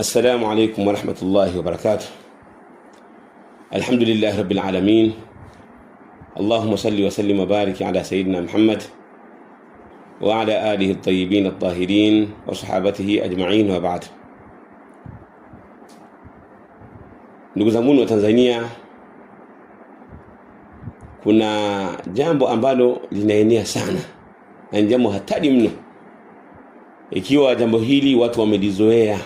السلام عليكم ورحمة الله وبركاته الحمد لله رب العالمين اللهم صل وسلم وبارك على سيدنا محمد وعلى آله الطيبين الطاهرين وصحابته أجمعين وبعد ndugu zanguni wa Tanzania, kuna jambo ambalo linaenea sana na ni jambo hatari mno. Ikiwa jambo hili watu wamelizoea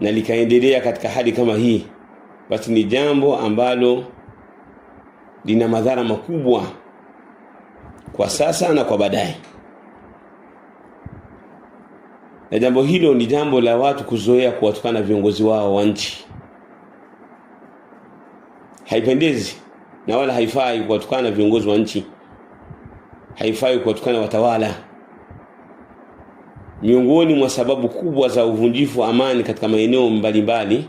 na likaendelea katika hali kama hii, basi ni jambo ambalo lina madhara makubwa kwa sasa na kwa baadaye, na jambo hilo ni jambo la watu kuzoea kuwatukana viongozi wao wa nchi. Haipendezi na wala haifai kuwatukana viongozi wa nchi, haifai kuwatukana watawala. Miongoni mwa sababu kubwa za uvunjifu wa amani katika maeneo mbalimbali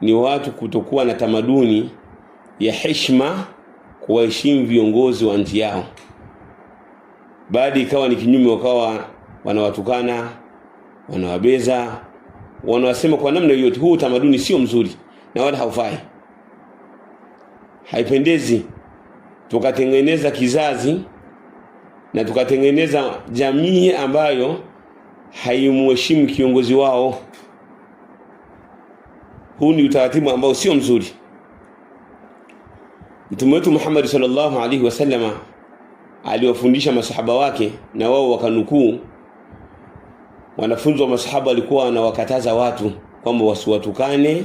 ni watu kutokuwa na tamaduni ya heshima, kuwaheshimu viongozi wa nchi yao, baadi ikawa ni kinyume, wakawa wanawatukana, wanawabeza, wanawasema kwa namna yoyote. Huu tamaduni sio mzuri na wala haufai, haipendezi. Tukatengeneza kizazi na tukatengeneza jamii ambayo haimuheshimu kiongozi wao. Huu ni utaratibu ambao sio mzuri. Mtume wetu Muhammad sallallahu alaihi wasallama aliwafundisha masahaba wake na wao wakanukuu. Wanafunzi wa masahaba walikuwa wanawakataza watu kwamba wasiwatukane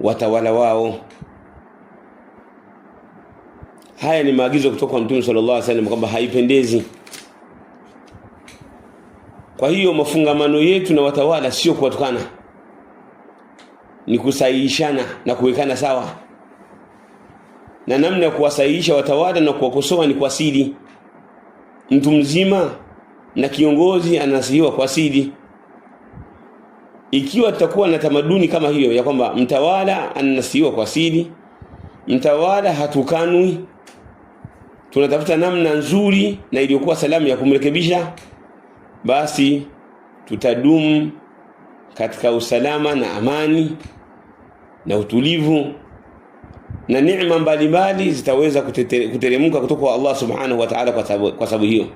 watawala wao. Haya ni maagizo kutoka kwa Mtume sallallahu alaihi wasallam kwamba haipendezi. Kwa hiyo mafungamano yetu na watawala sio kuwatukana, ni kusahihishana na kuwekana sawa, na namna ya kuwasahihisha watawala na kuwakosoa ni kwa siri. Mtu mzima na kiongozi anasihiwa kwa siri. Ikiwa tutakuwa na tamaduni kama hiyo ya kwamba mtawala ananasihiwa kwa siri, mtawala hatukanwi, tunatafuta namna nzuri na iliyokuwa salamu ya kumrekebisha basi tutadumu katika usalama na amani na utulivu na neema mbalimbali zitaweza kuteremka kutoka kwa Allah subhanahu wa ta'ala. Kwa sababu hiyo,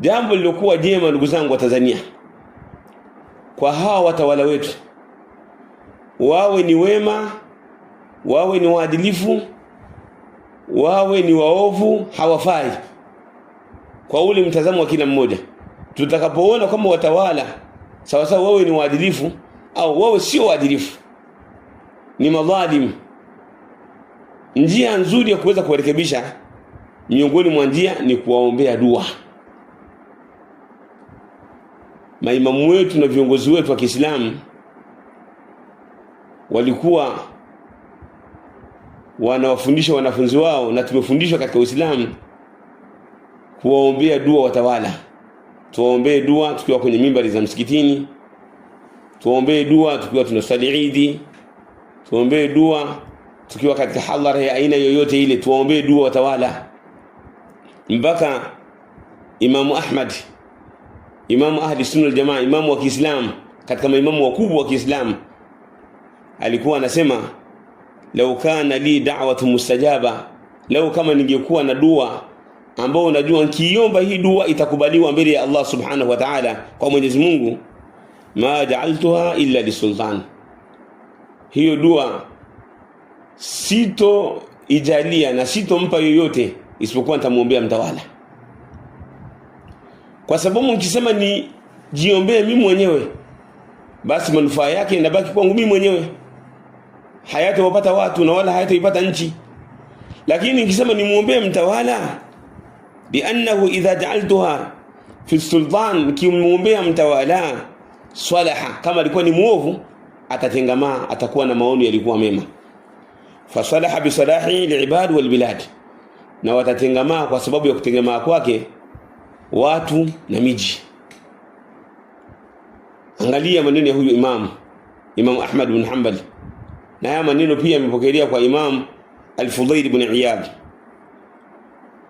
jambo lilokuwa jema, ndugu zangu wa Tanzania, kwa hawa watawala wetu, wawe ni wema, wawe ni waadilifu, wawe ni waovu, hawafai kwa ule mtazamo wa kila mmoja. Tutakapoona kama watawala sawasawa, wewe ni waadilifu au wewe sio waadilifu, ni madhalimu, njia nzuri ya kuweza kuwarekebisha miongoni mwa njia ni kuwaombea dua maimamu wetu na viongozi wetu wa Kiislamu walikuwa wanawafundisha wanafunzi wao, na tumefundishwa katika Uislamu kuwaombea dua watawala. Tuwaombee dua tukiwa kwenye mimbari za msikitini, tuwaombee dua tukiwa tunasali Idi, tuwaombee dua tukiwa katika hadhara ya aina yoyote ile, tuwaombee dua watawala. Mpaka Imamu Ahmad, imamu ahli sunna wal jamaa, imamu wa kiislam katika maimamu wakubwa wa kiislam alikuwa anasema lau kana li da'watu mustajaba, lau kama ningekuwa na dua ambao unajua nikiomba hii dua itakubaliwa mbele ya Allah subhanahu wa ta'ala kwa Mwenyezi Mungu, ma ja'altuha illa lisultan, hiyo dua sito ijalia na sitompa yoyote isipokuwa nitamwombea mtawala, kwa sababu mkisema ni jiombee mimi mwenyewe, basi manufaa yake inabaki kwangu mimi mwenyewe, hayatawapata watu na wala hayatoipata nchi. Lakini nikisema nimwombee mtawala biannahu idha ja'altuha fi sultan, kimwombea mtawala salaha, kama alikuwa ni muovu atatengamaa, atakuwa na maono yalikuwa mema. Fasalaha bisalahi liibadi walbiladi, na watatengamaa kwa sababu ya kutengamaa kwake watu na miji. Angalia maneno ya huyu imamu Imamu Ahmad bin Hanbal, na haya maneno pia amepokelea kwa Imamu Al-Fudhail bin Iyad.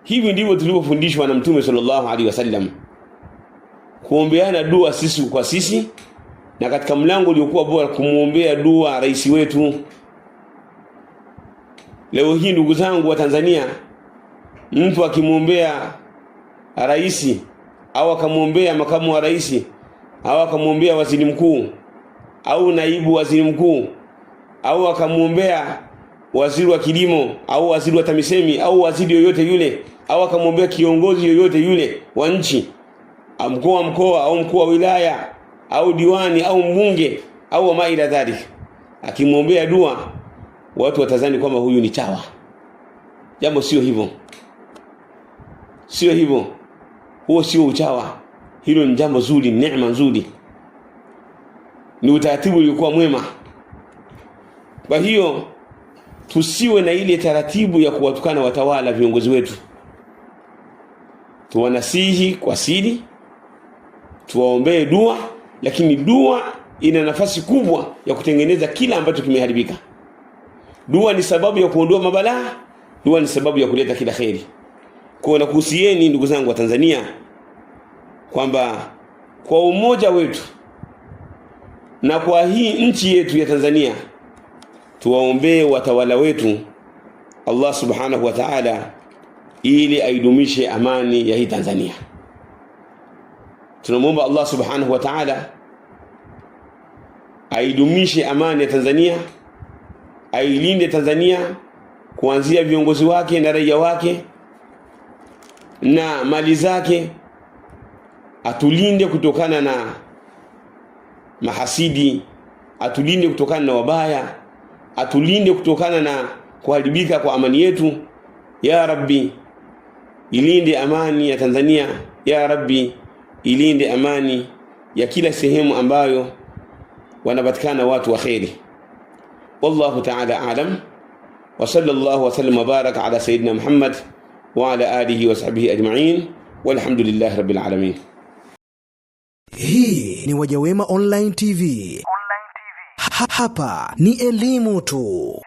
Hivi ndivyo tulivyofundishwa na Mtume sallallahu alaihi wasallam, kuombeana dua sisi kwa sisi, na katika mlango uliokuwa bora kumwombea dua rais wetu. Leo hii ndugu zangu wa Tanzania, mtu akimwombea rais au akamwombea makamu wa rais au akamwombea waziri mkuu au naibu waziri mkuu au akamwombea waziri wa kilimo au waziri wa TAMISEMI au waziri yoyote yule au akamwombea kiongozi yoyote yule wa nchi, mkuu wa mkoa au mkuu wa wilaya au diwani au mbunge au wa maila dhalik, akimwombea dua watu watazani kwamba huyu ni chawa. Jambo sio hivyo, sio hivyo, huo sio uchawa. Hilo ni jambo zuri, ni neema nzuri, ni utaratibu uliokuwa mwema. Kwa hiyo tusiwe na ile taratibu ya kuwatukana watawala, viongozi wetu tuwanasihi kwa siri, tuwaombee dua, lakini dua ina nafasi kubwa ya kutengeneza kila ambacho kimeharibika. Dua ni sababu ya kuondoa mabalaa, dua ni sababu ya kuleta kila kheri. Kwa nakuhusieni ndugu zangu wa Tanzania kwamba kwa umoja wetu na kwa hii nchi yetu ya Tanzania tuwaombee watawala wetu, Allah subhanahu wa ta'ala ili aidumishe amani ya hii Tanzania. Tunamwomba Allah subhanahu wa ta'ala aidumishe amani ya Tanzania, ailinde Tanzania kuanzia viongozi wake na raia wake na mali zake, atulinde kutokana na mahasidi, atulinde kutokana na wabaya, atulinde kutokana na kuharibika kwa amani yetu ya Rabbi ilinde amani ya Tanzania, ya Rabbi, ilinde amani ya kila sehemu ambayo wanapatikana watu wa kheri. Wallahu ta'ala a'lam wa sallallahu wa sallam baraka ala sayyidina Muhammad wa ala alihi wa sahbihi ajma'in walhamdulillahi rabbil alamin. Hii ni Wajawema Online TV. Online TV. hapa ni elimu tu.